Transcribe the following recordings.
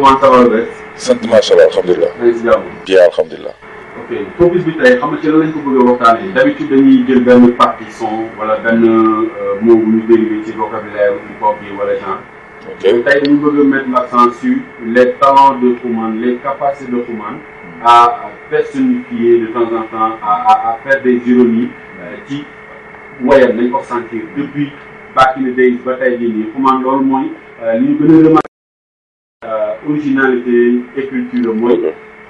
comment ça va rek. sant macha allah alhamdulilah. bien alhamdulilah. ok topic bi tey xam nga ci lan lañ ko bëgg a waxtaanee d'habitude dañuy jël benn partie son wala benn euh, mot bu ñu dérivé ci vocabulaire bi hip hop yi wala genre. ok tey dañu bëgg a mettre l'accent sur les talents de Xuman les capacités de Xuman hmm. à personnifier de temps en temps à faire des ironies euh, ci woyam nañ ko depuis back in the days ba tey jii originalité écriture mooy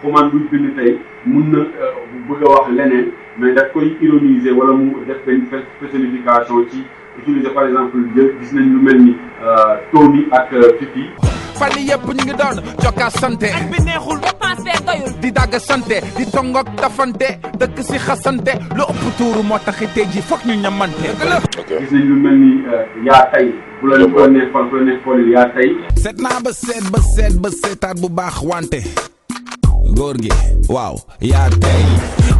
xumaan buy bind tey mun na euh, bëgg a wax leneen mais daf koy ironiser wala mu def benn personnification ci utiliser par exemple gis nañ lu mel ni euh, Tony ak euh, Fifi fan yi yëpp ñu ngi doon jokka sante ak bi di dagg sante di tongoog tafante dëkk si xasante lu ëpp tuuru moo taxi tey ji foog ñamante gis nañ lu mel ni yaa tey bu la neex fan bu la neex fan yaa tey. seet naa ba seet ba seet ba seetaat bu baax wante. góor gi waaw yaa tey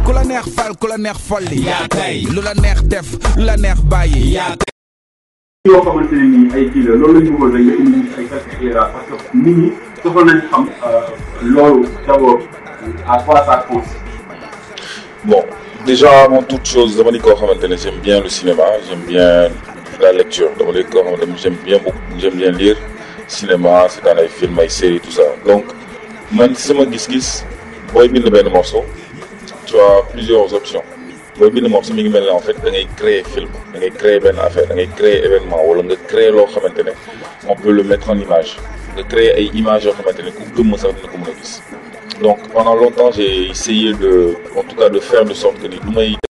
ku la neex fal ku la neex folli. yaa tey lu la neex def lu la neex bàyyi. yaa tey. yoo xamante ne nii ay kii la loolu la ñu bëggoon rek nga indi ay quelques éclairages parce que nit ñi soxla nañ xam euh, loolu d'abord à quoi ça consiste. bon déjà avant toute chose dama ni koo xamante ne j'aime bien le cinéma j'aime bien. la lecture dama lay koo xam ne j'aime bien beaucoup j'aime bien lire cinéma seetaan ay film ay série tout ça donc man sama gis-gis booy bind benn morceau tu as plusieurs options booy bind morceau mi ngi mel ne en fait da ngay créer film da ngay créer benn affaire da ngay créer événement wala nga créer loo xamante ne on peut le mettre en image nga créer ay images yoo xamante ne ku gëmm sax dina ko mën a gis donc pendant longtemps j'ai essayé de en tout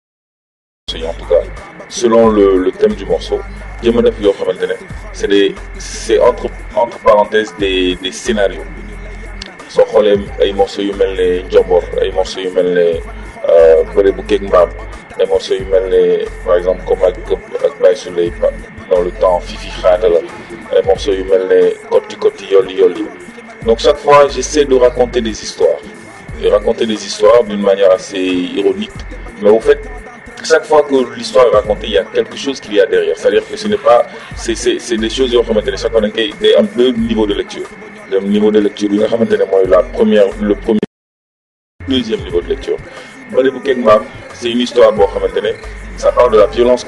en tout cas selon le, le thème du morceau jéem a def yoo xamante ne est des c' entre entre parenthèses des des scénarios soo xoolee ay morceaux yu mel ne Njobor ay morceaux yu mel ne euh, bëre bu keeg mbaam ay morceaux yu mel ne par exemple comme ak ak Baye Souley dans le temps Fifi xaata la ay morceaux yu mel ne Koti Koti Yoli Yoli donc chaque fois j'essaie de raconter des histoires de raconter des histoires d'une manière assez ironique mais au fait chaque fois que l'histoire est racontée il y a quelque chose qu'il y a derrière c'est-à-dire que ce n'est pas c'est c'est des choses yoo xamante ne chaque fois da nga de niveau de lecture bi nga mooy la première le premier deuxième niveau de lecture boo xamante ne ça parle de la violence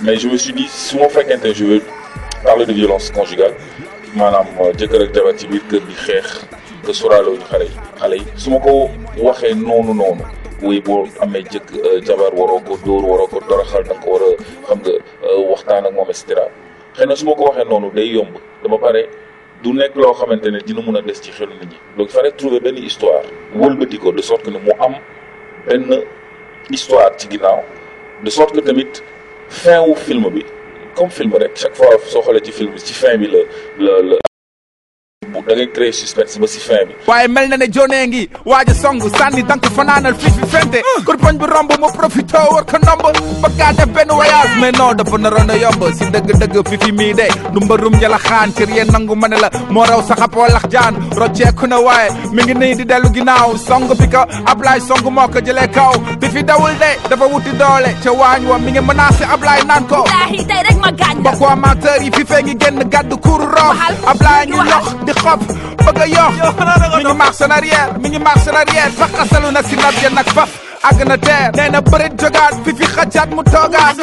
mais je me suis dit su ma fekkente je veux parler de violence conjugale maanaam euh, jëkkër ak jabar ci biir kër bi xeex te sóoraale wu ñu xale yi xale yi su ma ko waxee noonu noonu buy boo amee jëkk euh, jabar waroo ko dóor waroo ko doraxal da nga ko war xam nga euh, waxtaan ak moom et cetera xëy na su ma ko waxee noonu day yomb dama pare du nekk loo xamante ne dina mun a des ci xelu nit ñi donc il fallait trouver benn histoire wëlbati ko de sorte que ne mu am benn histoire ci ginnaaw de sorte que tamit fin wu film bi comme film rek chaque fois soo xoolee ci film ci fin bi la la moom da ngay créer suspense ba si fin bi waaye mel na ne jonee ngi waaj a song sànni dank fanaanal fii fi fente ah. kurpoñ bu romb mu profité war ko ndomb bëggaa def benn voyage ah. mais non dafa naroon a yomb si dëgg-dëgg fi fi mii de du mbarum ñala xaan cër nangu ma la moo raw saxapoo lax jaan rocceeku na waaye mi ngi nii di dellu ginnaaw song bi ko Ablaye song moo ko jëlee kaw bi fi dawul de dafa wuti doole ca waañ wa mi ngi menacé Ablaye naan ko mbokku amateur yi fi fee ngi génn gàddu kuuru roof Ablaye bopp bëgg a yokk ngi marche en ngi marche en arrière si lab ja nag faf àgg na teer nee na jogaat fi xajaat mu toogaat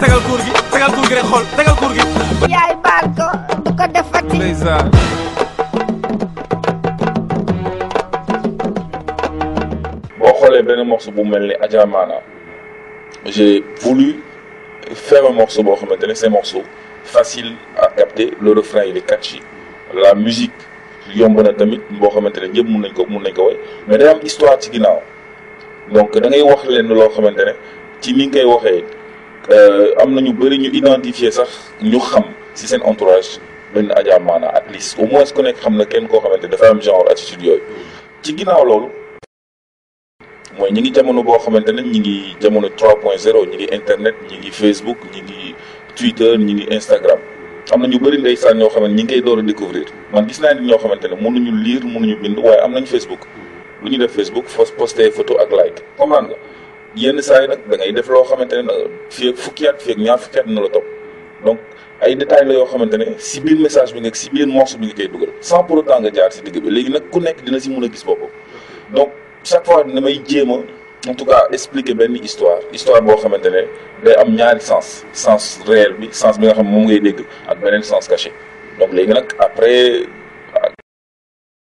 tegal kuur gi gi rek xool tegal gi yaay baal ko du ko defati boo xoolee benn morceau bu mel ni Adja Maana j'ai voulu faire un morceau boo xamante ne c'est morceau facile à capter le refrain il est catchy la musique yomb na tamit boo xamante ne ñëpp mun nañ ko mun nañ ko way mais day am histoire ci ginnaaw donc da ngay wax leen loo xamante ne ci ni nga koy waxee euh, am na ñu bëri ñu identifier sax ñu xam si seen entourage benn Adja Maana at least au moins ku nekk xam na kenn koo xamante dafa am genre attitude yooyu ci ginnaaw loolu mooy ñi ngi jamono boo xamante ne ñi ngi jamono 3 point 0 ñi ngi internet ñi ngi Facebook Twitter ñi ngi Instagram am na ñu bëri ndeysaan ñoo xam ne ñi ngi koy a découvrir man gis naa nit ñoo xamante ne mënuñu lire mënuñu bind waaye am nañu Facebook lu ñu def Facebook fos posté photo ak like comprendre nga yenn saa yi nag da ngay def loo xamante ne fii ak fukki at fii ak ñaar na la topp donc ay détails la yoo xamante ne si biir message bi nga si biir morceau bi nga koy dugal sans pour nga jaar si digg bi ku nekk dina si mun a gis boppam donc chaque en tout cas expliquer benn histoire histoire boo xamante ne day am ñaari sens sens réel bi sens bi nga xam moom ngay dégg ak beneen sens caché donc léegi nag après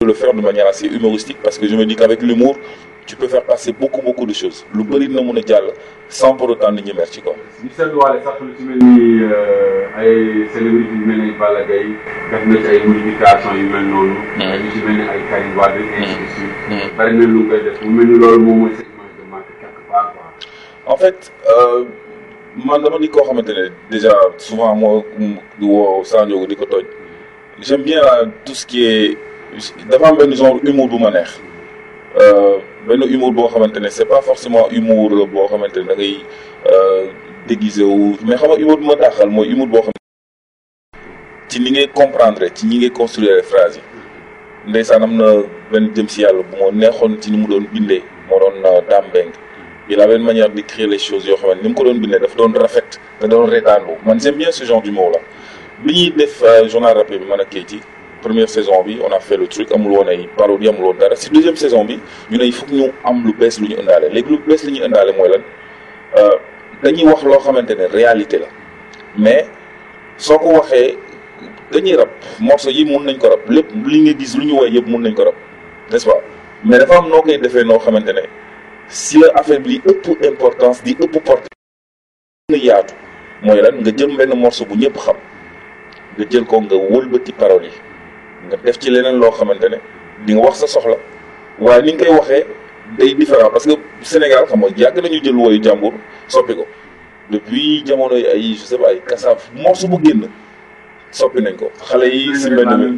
le faire de manière assez humoristique parce que je me dis qu'avec l'humour tu peux faire passer beaucoup beaucoup de choses lu bëri na mun a jàll sans pour autant nit ñi mer ci quoi. ñu seetluwaale sax lu ci mel ni euh, ay célébrités yu mel ni Balla Gaye def na ci ay mm. ni ay en fait euh, man dama ni koo xamante ne déjà souvent moo di woo Sa Ndiogou di ko toj j'aime bien tout ce qui est genre humour bu ma neex euh, benn humour boo xamante ne c'est pas forcément humour boo xamante ne da ngay euh, déguisé wu mais xam nga humour bu ma daaxal mooy humour boo xam ci ni ngay comprendre ci ñi ngay construire phrase yi ndeysaan am na benn jëm si yàlla bu ma neexoon ci ni mu doon bindee moo doon Dame il avait une manière d'écrire les choses yoo xamante ni mu ko doon bindee dafa doon rafet da doon reetaanlu man j'aime bien ce genre d'humour bi ñuy def euh, journal rappelé bi man ak Keyti première saison bi on a fait le truc amul woon ay parodie amul woon dara si deuxième saison bi ñu ne il ñu am lu bees lu ñu indaale léegi lu bees lu indaale mooy lan euh, dañuy wax loo xamante ne réalité la mais soo ko waxee dañuy rab morceau yi mun nañ ko rab lépp li nga gis lu ñu woy yëpp mun nañ ko rab nest noo xamante ne si la affaire bi li ëpp importance di ëpp porte na yaatu mooy lan nga jël benn morceau bu ñëpp xam nga jël ko nga wëlbati parole yi nga def ci leneen loo xamante ne di nga wax sa soxla waaye ni nga koy waxee day différent parce que Sénégal xam nga yàgg nañu jël woyu jàmbur soppi ko depuis jamono yi ay je sais pas ay kasaaf morceau bu génn soppi nañ ko xale yi si mbedd mi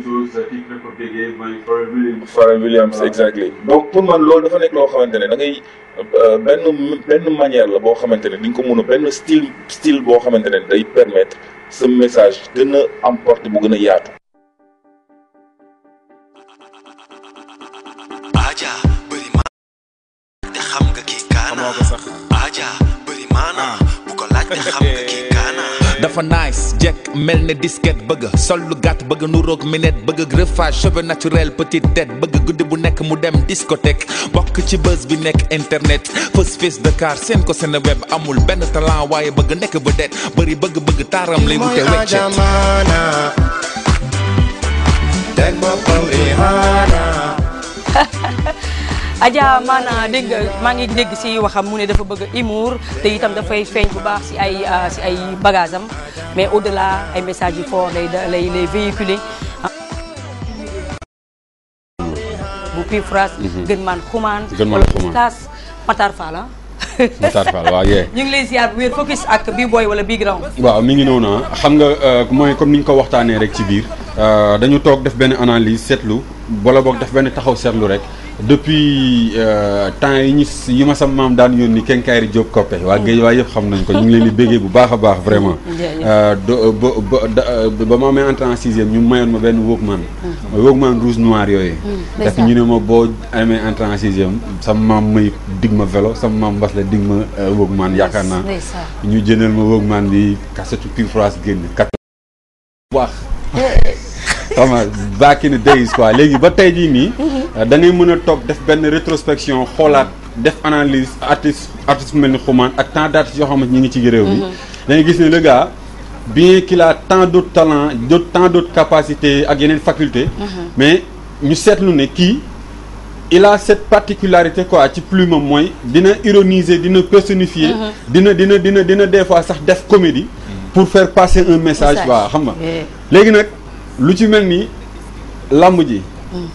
Pharrell Williams exactly donc pour man loolu dafa nekk loo xamante ne da ngay euh, benn benn manière la boo xamante ne di ko mun a benn style style boo xamante ne day permettre sa message gën a am porte bu gën a yaatu aja dafa nice jekk mel ne disquette bëgg sol lu gàtt bëgg nu roog minette bëgg greffage cheveux naturel petite tête bëgg guddi bu nekk mu dem discothèque bokk ci buzz bi nekk internet fës fës Dakar seen ko seen web amul benn talent waaye bëgg nekk ba det bëgg bëgg taaram lay wute weccet Adja maanaam dégg maa ngi dégg si waxam mu ne dafa bëgg a humour te itam dafay feeñ bu baax si ay ah, si ay bagages am mais au delà ay message yu fort lay lay lay véhiculer. bu Pire France. Mhm. gën man xumaan. gën man xumaan tas Matar Fall ah. Matar Fall waaw yee. ñu ngi lay ziar bu wér focus ak bi booy wala bii grand. waaw mi ngi noonu ah. xam nga euh, mooy comme ni ñu ko waxtaanee rek ci biir. Euh, dañu toog def benn analyse seetlu. wala boog daf benn taxaw seetlu rek depuis euh, temps yi ñu yi ma sama maam daan yónni kenkaari Diop Koppe waa géej waa yëpp xam nañ ko ñu ngi leen di béggee bu baax a baax vraiment euh, ba euh, ba ma amee entrée en sixième ñu mayoon ma benn Walkman mooy mm. Walkman rouge noir yooyu mm. daf ñu ne ma boo amee entrée en sixième sama maam may dig ma velo sama maam mbas la dig ma Walkman yaakaar naa ñu jëndal ma Walkman bi kasetu Pink Floyd génn kat waax xam nga back in the days quoi léegi ba tey jii nii. Mhm. da ngay mën a toog def benn rétrospection xoolaat def analyse artiste artiste mel ni xumaan ak tant d' artistes yoo xamante ñu ngi ci réew mi. Mhm. da gis ne le bi bien qu'il a tant d' autres talents d' tant d' autres capacités ak yeneen faculté mhm. mais ñu seetlu ne kii. il a cette particularité quoi ci plume mooy dina ironiser dina personnifier. dina dina dina dina des fois sax def comédie. pour faire passer un message. waa xam nga léegi nag. lu ci mel ni làmb ji. Mm.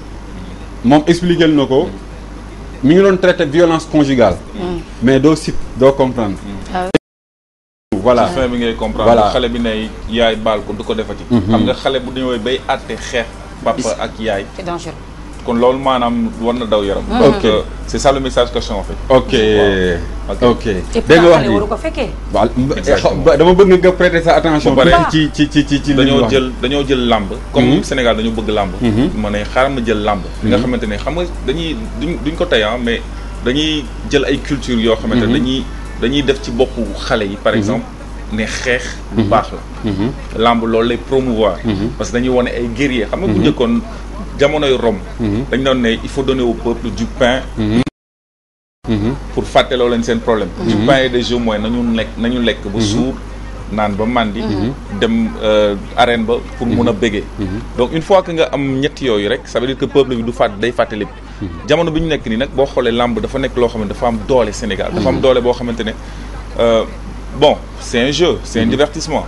moom lu na ko mu ngi doon traité violence conjugale. Mm. mais doo sit doo comprendre. Ah voilà fin bi ngay comprendre xale bi ne yaay baal ko du ko defati. Mm-hmm. xam nga xale bu ñëwee bay àtte xeex papa ak yaay. c'est dangereux. kon loolu maanaam war na daw yaram. ok euh, c' est ça le message que je en fait. ok ok ok. nga wax ji ko fekkee. dama bëgg nga prêter sa attention. ba pare ci ci ci ci dañoo jël dañoo jël làmb. comme mhm. Sénégal dañoo bëgg làmb. Mhm. ma ne xaaral ma jël làmb. li nga mhm. xamante ne xam nga dañuy duñ duñ ko tey ah, mais dañuy jël ay culture yoo xamante ne dañuy dañuy def ci boppu xale yi par exemple. ne xeex lu baax la. làmb loolu lay promouvoir. parce que dañuy wane ay guerrier xam nga bu njëkkoon jamonoy Rome mhm. dañ doon ne il faut donner au peuple du pain mhm. Mhm. pour fàtteloo leen seen problème du pain et des jeux mooy nañu lekk nañu lekk ba suur naan ba màndi dem euh, arène ba pour mun a bégee donc une fois que nga am ñetti yooyu rek ça veut dire que peuple bi du fàtt day fàtte lépp jamono bi ñu nekk nii nag boo xoolee làmb dafa nekk loo xam ne dafa am doole Sénégal dafa am doole boo xamante ne euh, bon c'est un jeu c'est un divertissement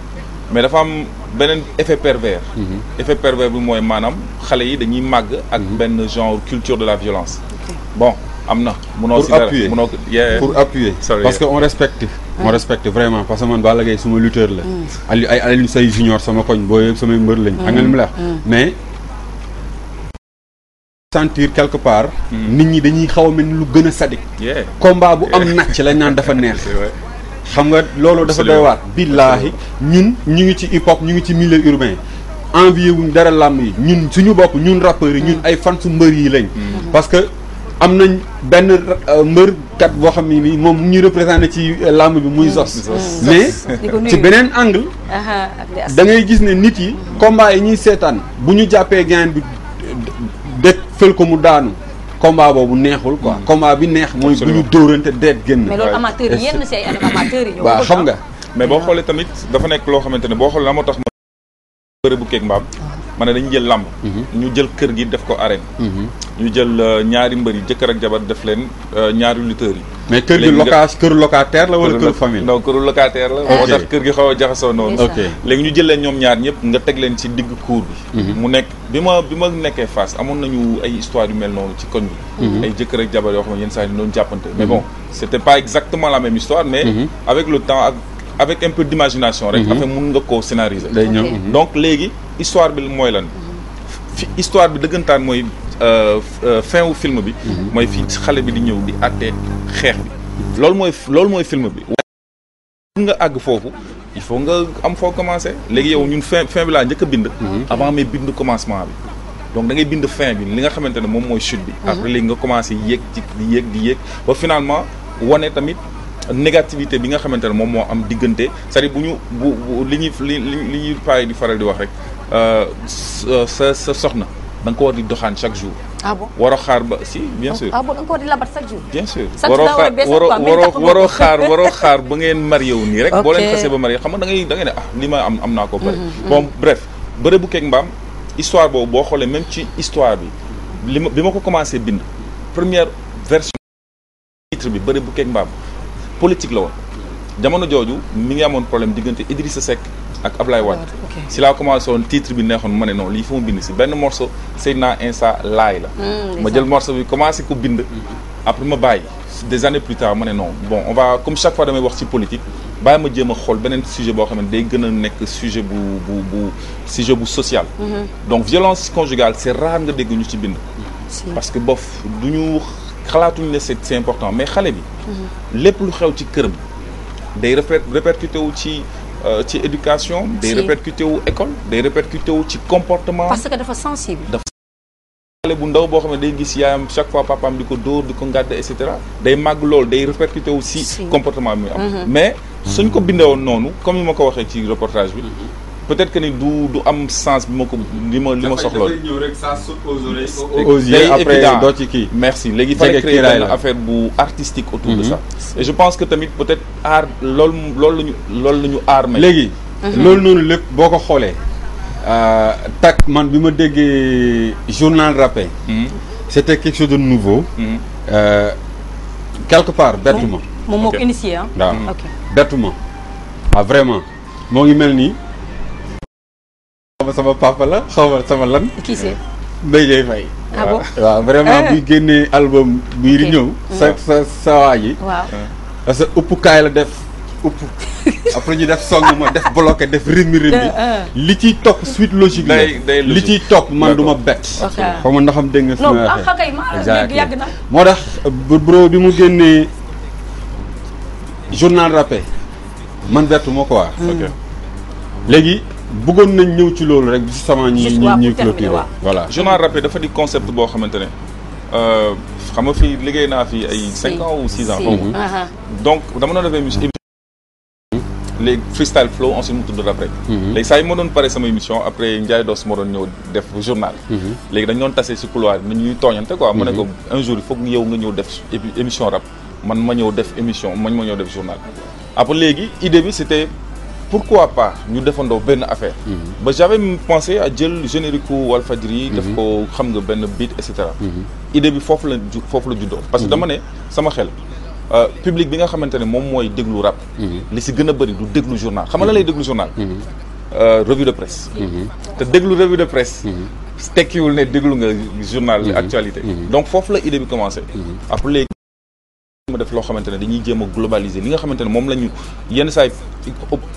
mais dafa am beneen effet pervers. Mhm. effet pervers bi mooy maanaam xale yi dañuy màgg ak mhm. benn genre culture de la violence. bon am na. munoo si dara munoo pour appuyer parce que on respecte. on respecte vraiment parce que man Balla Gaye suma lutteur la. Mm. Aliou ay Aliou say junior sama koñ boo yëpp samay mbër lañ. xam nga li mais. sentir quelque part. Mm. nit ñi dañuy xaw a mel lu gën a sadik. combat bu am nàcc lañ naan dafa neex. xam nga loolu dafa doy waar billaahi ñun ñu ngi ci hip ñu ngi ci milieu urbain envié wuñ dara làmb yi ñun suñu bopp ñun rappeurs yi ñun mm. ay fan mbër yi lañ mm. parce que am nañ benn euh, mbërkat boo xam ne nii moom ñu représenté ci euh, làmb bi muy mm. Zos. mais ci beneen angle. da ngay gis ne nit yi. combat yi ñuy seetaan bu ñu jàppee gain bi dëkk fël ko mu daanu. combat boobu neexul ko mm. combat bi neex mooy bu ñu dóorante deet génn. mais loolu amateurs waaw xam nga. mais boo xoolee tamit dafa nekk loo xamante ne boo xoolee la moo tax ma. bëre bu keeg mbaam. ma ne dañu jël làmb. Mhm. ñu jël kër gi def ko arène. Mhm. ñu jël euh, ñaari mbër yi jëkkër ak jabar def leen euh, ñaari lutteurs yi. mais kër gi loca kër locataire la wala kër gi xaw a jaxasoo noonu léegi ñu jël leen ñoom ñaar ñëpp nga teg leen ci digg cour bi mhm. mu nekk bi ma bi ma nekkee face amoon nañu ay histoire yu mel noonu ci koñ bi mhm. ay jëkkër ak jabar yoo xam yenn saa yi doon jàppante mais mhm. bon c'était pas exactement la même histoire mais avec le temps ak avec un peu d'imagination rek affaire mun nga koo scénariser donc léegi histoire bi mooy lan histoire bi dëggantaan mooy Euh, euh, fin wu film bi. Mhm. mooy fii xale bi di ñëw di àtte xeex bi. loolu mooy loolu mooy film bi. nga àgg foofu il faut nga am foo commencé léegi yow ñun fin fin bi laa njëkk a bind. Mhm. avant mais bind commencement bi. donc da bind fin bi li nga xamante ne moom mooy chute bi. Mhm. après léegi nga commencé yéeg ci di yéeg di yéeg ba finalement wane tamit. négativité bi nga xamante ne moom moo am diggante cest bu ñu bu li ñuy li li ñuy pare di faral di wax rek euh, sa sa soxna da ko war di doxaan chaque jour. ah bon waroo xaar ba si bien ah sûr. ah bon da nga war di labat chaque jour. waroo xaar waroo xaar ba ngeen marié wu nii rek. boo leen ba marié xam nga da ngay da ngay ne ah, li ma am am naa ko bëri. Mm-hmm, mm-hmm. bon bref bëre bu keeg mbaam histoire boobu boo xoolee même ci histoire bi li bi ma ko commencé bind première version titre bi bëre bu keeg mbaam politique la woon jamono jooju mi ngi amoon problème diggante Idrissa Seck. ak Ablaye Wade si laa commencé woon bi neexoon ma ne non lii fa mu bind si benn morceau Seydina Insa laay la hmm, ma jël morceau bi commencé ko bind hmm. après ma bàyyi des années plus tard ma ne non bon on va comme chaque fois damay wax ci politique bàyyi ma jéem a xool beneen sujet boo xam ne day gën a nekk sujet bu bu bu sujet bu social hmm. donc violence conjugale c'est rare nga dégg ñu ci bind parce que bof du ñu xalaatuñu ne c'est c'est important mais xale bi lépp lu xew ci këram day répercuté wu ci Euh, ci éducation. day répercuté wu école day répercuté wu ci comportement. parce que dafa sensible. dafa xale bu ndaw boo xam ne day gis yaayam chaque fois papaam di ko dóor di ko ngàdd day màgg lool day répercuté wu si. comportement bi muy mhm. mais suñ ko mhm. bindee woon noonu comme ni ma ko waxee ci reportage bi. Mhm. peut-être que ni du du am sens bi ma ko li ma li ma soxla day évident merci léegi fallait créer benn affaire bu artistique autour de mhm. ça et je pense que tamit peut-être aar loolu loolu la ñu loolu la ñu aar may léegi mhm. loolu noonu lépp boo ko xoolee euh, tak man bi ma déggee journal rappé mhm. c'était quelque chose de nouveau euh, quelque part bertuma moom moo ko initié ah waaw bertuma vraiment moo ngi mel nii xaw ma sama papa la xaw sama lan. kii c'est Mbaye Dieye Faye. ah bon waaw vraiment ah. buy génnee album bii di ñëw. Mm. sa sa sa waa ji. Ah. parce que uppukaay la def upp. après ñu def song ma def bloqué def rythme rythme ah, li ciy topp suite logique la li ciy topp man du ma bett xaw ma ndax xam dégg nga su moo tax bro bi mu génnee journal rappé man bettu ma quoi hmm. léegi bëggoon nañ ñëw ci loolu rek justement ñi ñi ñuy clôturer voilà journal rappé dafa di concept boo xamante ne euh, xam nga fii liggéey naa fi ay cinq ans ou six ans mhm. uh-huh. donc dama doon defee émission léegi freestyle flow ensuite mu tudd rappé mhm. léegi saa yi ma doon pare sama émission après Ndiaye Dos moo doon ñëw def journal mhm. léegi dañ doon tasee si couloir bi nañuy tooñante quoi mu ne ko un jour il faut yow nga ñëw def émission rap man ma ñëw def émission man ma ñëw def journal après léegi idée bi c'était pourquoi pas ñu defandoo benn affaire. Mhm. ba j'avais pensé à jël générique Walfadjri yi. Mhm. def ko xam nga benn beat et cetera. Mhm. idée bi foofu la ju foofu la juddoo. parce que dama ne sama xel. Euh, public bi nga xamante ne moom mooy déglu rap. li si gën a bëri du déglu journal xam nga la lay déglu journal. Euh, revue de presse. te déglu revue de presse. tekkiwul ne déglu nga journal. actualité donc foofu la idée bi commencé. ma def loo xamante ne dañuy jéem a globaliser li nga xamante ne moom la ñu yenn saay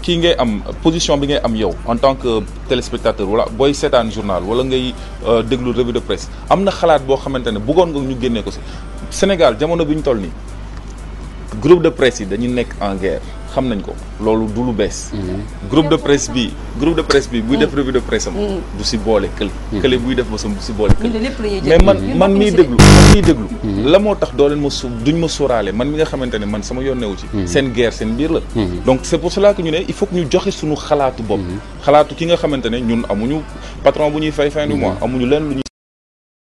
kii ngay am position bi ngay am yow en tant que téléspectateur wala booy seetaan journal wala ngay euh, déglu revue de presse am na xalaat boo xamante ne bëggoon nga ñu génnee ko si Sénégal jamono bi ñu toll nii groupe de presse yi dañu nekk en guerre xam nañ ko loolu du lu bees. Mhm. groupe de presse bi groupe de presse bi buy def revue de presse am. Mhm. du si boole kële. Mhm. kële buy def mosam du si boole kële. mais man man miy déglu man miy déglu. la moo tax doo leen ma su man mi nga xamante ne man sama yoon newu ci. seen guerre seen biir la. donc c' pour cela que ñu ne il faut que ñu joxe suñu xalaatu bopp. xalaatu ki nga xamante ne ñun amuñu patron bu ñuy fay fin du mois amuñu leen lu ñuy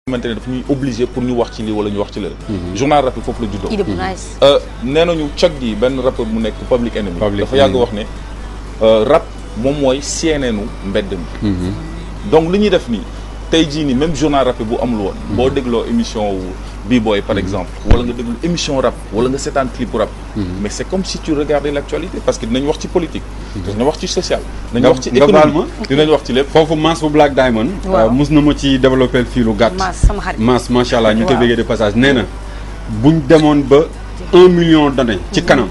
xamante ne daf ñuy obligé pour ñu wax ci lii wala ñu wax ci lële mhm. journal rap foofu la juddoo euh, nee nañu cag gi benn raport mu nekk public enemy dafa yàgg wax ne euh, rap moom mooy seeneenu mbedd mi mhm. donc li ñuy def nii tey jii ni même journal rap bu amul woon. Hmm. boo dégloo émission wu b par hmm. exemple. wala nga déglu émission rap wala nga seetaan clip rap. Hmm. mais c' est comme si tu regardais l' actualité parce que dinañ wax ci politique. dinañ wax ci social. dinañ wax ci économie dinañ wax ci lépp. foofu Mass bu Black Diamond. waaw euh, mus na ma ci développé fii lu gàtt. Mass sama xarit Mass macha allah ñu koy bégee de passage nee na buñ demoon ba un million d'années ci kanam.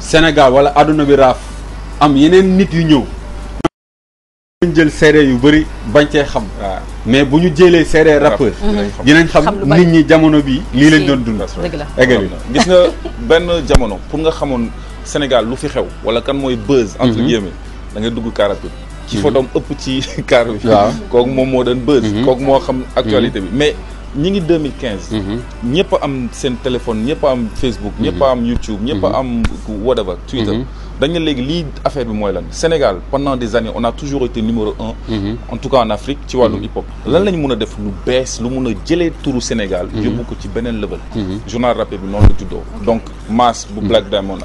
Sénégal wala àdduna bi am yeneen nit yu ñëw. buñ jël seede yu bëri bañ cee xam mais bu ñu jëlee seede rappeur dinañ xam nit ñi jamono bi lii lañ doon dund eggali gis nga benn jamono pour nga xamoon Sénégal lu fi xew wala kan mooy buzz entre mhm. guillemets da ngay dugg car ci fa mhm. ëpp ci car bi kooku moom moo doon buzz mhm. kooku moo xam actualité bi mais ñi ngi 2015 ñëpp am seen téléphone ñëpp a am Facebook ñëpp a am YouTube ñëpp a am whatever Twitter dañ ne léegi lii affaire bi mooy lan Sénégal pendant des années on a toujours été numéro un. Mhm. en tout cas en Afrique ci wàllu mhm. hip hop. lan lañ mën a def lu bees lu mën a jëlee turu Sénégal. Mhm. yóbbu ko ci beneen level. journal rappé bi noonu la juddoo donc Mass bu Black Diamond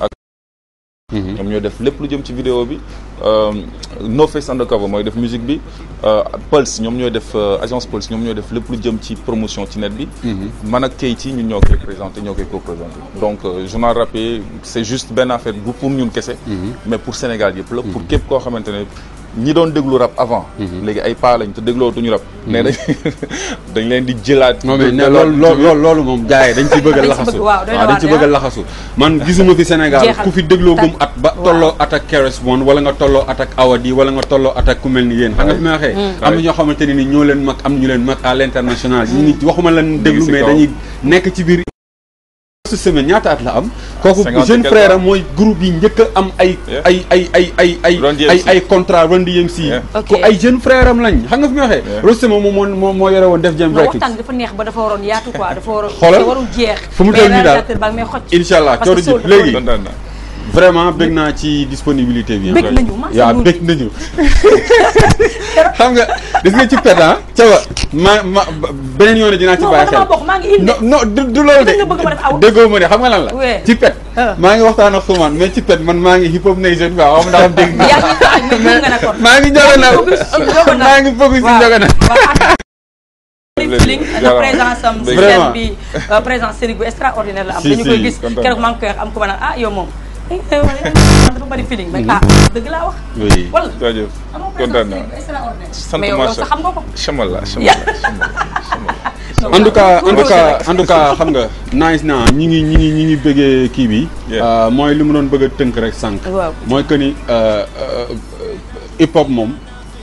Mm-hmm. ñoom ñoo def lépp lu jëm ci vidéo bi euh, No Face Undercover mooy def musique bi euh, Pulse ñoom ñooy def euh, agence Pulse ñoom ñooy def lépp lu jëm ci promotion ci net bi mm-hmm. man ak Keyti ñun ñoo koy présenté ñoo koy co-présenté donc journal rappé c'est juste benn affaire bu pour ñun kese mm-hmm. mais pour Sénégal yëpp la pour képp koo xamante ne ñi doon déglu rap avant. Mhm. léegi ay paa lañ te déglootuñu rap. Mhm. mais dañ dañ leen di jëlaat. moom it loolu loolu loolu moom jaaye yi dañ ci bëgg a laxasu waaw dañ ci bëgg a laxasu ah. man gisuma fi Sénégal ku fi dégloo gum at ba tolloo at ak Keres One wala nga tolloo at ak Awadi wala nga tolloo at ak ku mel ni yéen xam nga fi may waxee. Mm. am na ñoo xamante ne ni ñoo leen mag am ñu leen mag à l'international. ñi waxuma lan déglu mais dañuy nekk ci biir. su semaine ñaata at la am kooku jeune frère am mooy groupe yi njëkk am ay ay ay ay ay ay contrat Run DMC ay jeune frère lañ xam nga fi may waxee Rosema moom moo moo moo yore woon def jëm rek waxtaan dafa neex ba dafa waroon yaatu quoi dafa waroon xoolal warul jeex fu mu toll nii daal incha allah cooru ji léegi vraiment bëgg naa ci disponibilité bi. bëgg nañu waaw bëgg nañu. xam nga gis nga ci perdant. Ah, ca wa ma ma beneen yoon dinaa ci bàyyi xel non du du loolu de. déggoo ma ne xam nga lan la. ci pet. Ah. maa ngi waxtaan ak Soumane mais ci pet man maa ngi hip hop nation quoi waaw ndax dégg nga. maa ngi joxe maa ngi focus si na présence am si scène bi euh, présence Serigne bu extraordinaire la am dañu koy gis keroog maa ngi koy wax am ko ma naan ah yow moom Eh, dafa bëri feeling ah, xam nga ko. nice na ñi ngi ñi ngi ñi ngi bëggee kii bi. Euh, mooy li mu doon bëgg tënk rek sànq. mooy que ni euh, euh, hip hop moom.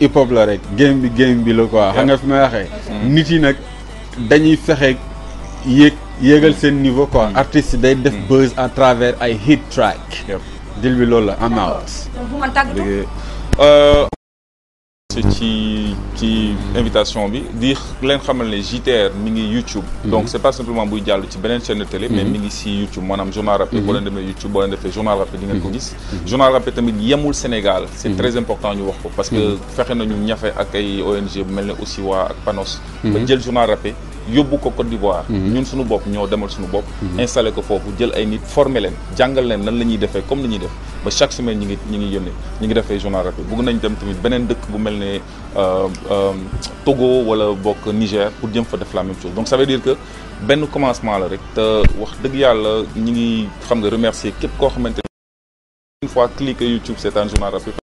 hip hop la rek game bi game bi la quoi. xam nga fi may waxee. Mm. nit yi nag dañuy fexe yéeg. yégal seen niveau quoi mm. artiste day def mm. buzz à travers ay hit track dil bi lool la am naa euh, ci ci invitation bi di leen xamal ne JTR mi ngi YouTube mm-hmm. donc c'est pas simplement buy jàll ci beneen chaîne de télé mais mm-hmm. mi ngi si YouTube maanaam journal rapide mm-hmm. boo leen demee YouTube boo leen defee journal rapide di ngeen ko gis journal rapide tamit yemul Sénégal c'est très important ñu wax ko parce que fexe nañu ñafe ak ay ONG bu mel ne aussi waa ak Panos ba jël journal rapide yóbbu ko Côte d'Ivoire. Mhm. ñun suñu bopp ñoo demal suñu bopp. Mhm. installé ko foofu jël ay nit former leen jàngal leen nan la ñuy defee comme ni ñuy def ba chaque semaine ñi ngi ñi ngi yónnee ñi ngi def ay journal rapide bëgg nañ dem tamit beneen dëkk bu mel ne euh, euh, Togo wala bokk Niger pour jëm fa def la même chose donc ça veut dire que benn commencement la rek te wax dëgg yàlla ñi ngi xam nga remercier képp koo xamante une fois cliquer YouTube seetaan journal rapide